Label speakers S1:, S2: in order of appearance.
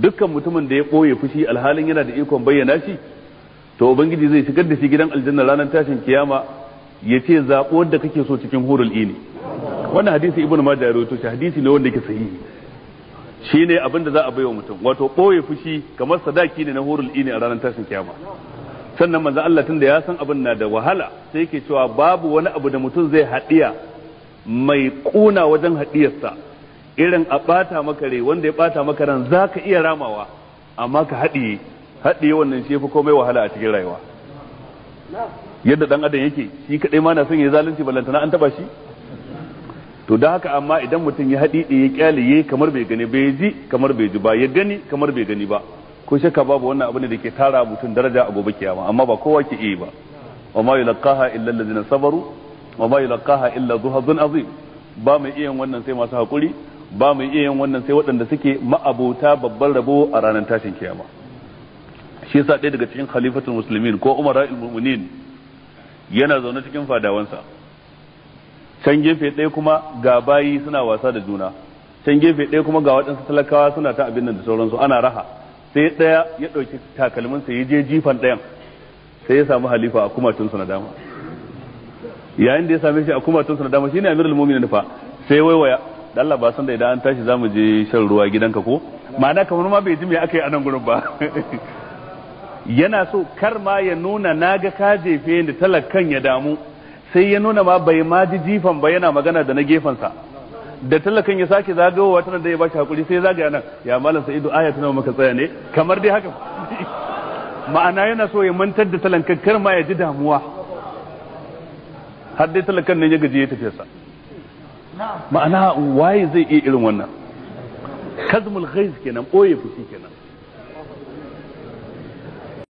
S1: dukkan mutumin da ya ɓoye fushi alhalin yana da ikon bayyana shi to ubangiji zai shigar da shi gidan aljanna ranar tashin kiyama ya ce zaɓo da kake so cikin hurul ini wannan hadisi ibnu majah ya rawaito shi hadisi ne wanda yake sahihi shine abin da za a baiwa mutum wato ɓoye fushi kamar sadaki ne na hurul ini a ranar tashin kiyama sannan manzo Allah tun da ya san abin na da wahala sai yake cewa babu wani abu da mutum zai haɗiya mai ƙuna wajen haɗiyarsa irin a bata maka rai wanda ya bata maka ran ka iya ramawa amma ka haɗiye haɗiye wannan shi fi komai wahala a cikin rayuwa yadda dan adam yake shi kaɗai ma na son ya zalunci ballantana an taba shi to da haka amma idan mutum ya haɗi ya kyaliye kamar bai gani bai ji kamar bai ji ba ya gani kamar bai gani ba ko shakka babu wannan abu ne da ke tara mutum daraja a gobe kiyama amma ba kowa ke iya ba wa ma yulqaha illa allazina sabaru wa ma yulqaha illa dhuhadun azim ba mai iya wannan sai masu hakuri ba mu iya yin wannan sai waɗanda suke ma'abota babban rabo a ranar tashin kiyama shi yasa ɗaya daga cikin khalifatul muslimin ko umara mu'minin yana zaune cikin fadawansa can gefe ɗaya kuma ga bayi suna wasa da juna can gefe ɗaya kuma ga waɗansu talakawa suna ta abin nan da sauransu ana raha sai ɗaya ya ɗauki takalminsa ya je jifan ɗayan sai ya samu halifa a kumatun su na dama yayin da ya same shi a kumatun su na dama shine amirul mu'minin fa sai waiwaya dalla ba san da idan an tashi mu je shan ruwa gidanka ko ma'ana kamar ma bai ji me aka yi a nan gurin ba yana so kar ma ya nuna ga ka jefe da talakan ya damu sai ya nuna ma bai ma ji jifan ba yana magana da na gefensa da talakan ya sake zagawowa tana da ya bashi hakuri sai zagaya nan ya malam sa'idu aya tana maka tsaya ne kamar dai haka ma'ana yana so ya mantar da talakan kar ma ya ji damuwa har dai talakan ne ya gaji ya tafiyarsa ma'ana waye zai iya irin wannan kazmul ghaiz kenan boye fushi kenan